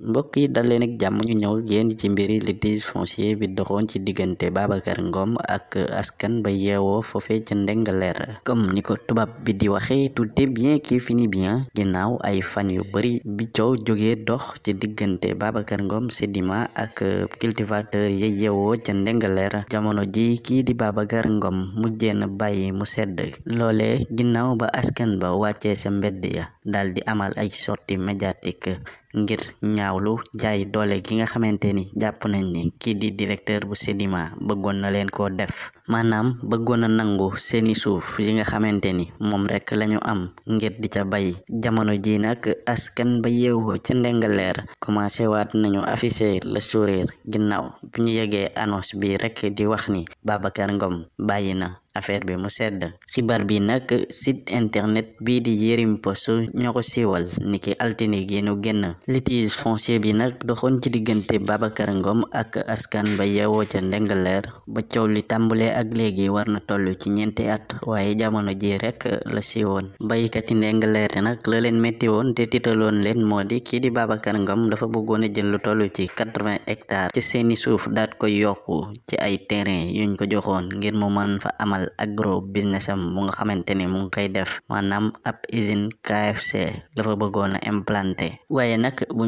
mbokk yi dal leen ak jàmm ñu ñëw yéen ci mbiri litige foncier bi doxoon ci diggante Babacar ngoom ak askan ba yeewoo foofee ca Ndingler comme ni ko tubaab bi di waxee tout est bien qui finit bien ginnaaw ay fan yu bari bi coow jógee dox ci diggante Babacar Ngom Sedima ak cultivateur ya yeewoo ca Ndingler jamono ji kii di Babacar ngoom mu na bàyyi mu sedd loole ginnaaw ba askan ba wàccee sa mbedd ya dal di amal ay sortie médiatique ngir ñaawlu jaay doole gi nga xamante ni jàpp nañ ni kii di directeur bu Sedima bëggoon na leen koo def maanaam bëggoon a nangu seeni suuf yi nga xamante ni moom rek lañu am ngir di ca bay jamono ji nag askan ba yeewoo ca Ndingler commencé waat nañu afficher la sourire ginnaaw bi ñu yegee annonce bi rek di wax ni Babacar Ngom bàyyi na affaire bi mu sedd xibaar bi nag site internet bii di Yerim Post ñoo ko siiwal niki altine gi nu génn litige foncier bi nag doxoon ci diggante Babacar Ngom ak askan ba yeewoo ca Ndingler ba coow li tàmbalee ak léegi war na toll ci ñeenti at waaye jamono ji rek la siiwoon baykat yi Ndingler nag la leen métti woon te titaloon leen moo di kii di Babacar Ngom dafa bëggoon a jël lu toll ci quatre-vingts hectares ci seeni suuf daat koy yokku ci ay terrain yuñ ko joxoon ngir mu mën fa amal agro business am bu nga xamante ni mu ngi koy def maanaam ab usine KFC la bëggoon a implanté waaye nag bu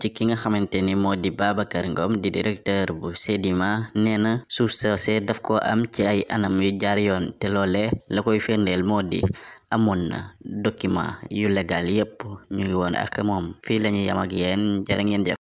ci ki nga xamante ni moo di Babacar Ngom di directeur bu Sedima nee na suuf soosee daf ko am ci ay anam yu jaar yoon te loole la koy firndeel moo di amoon na document yu légal yépp ñu ngi woon ak moom fii lañu yam ak yéen jërë ngeen jëf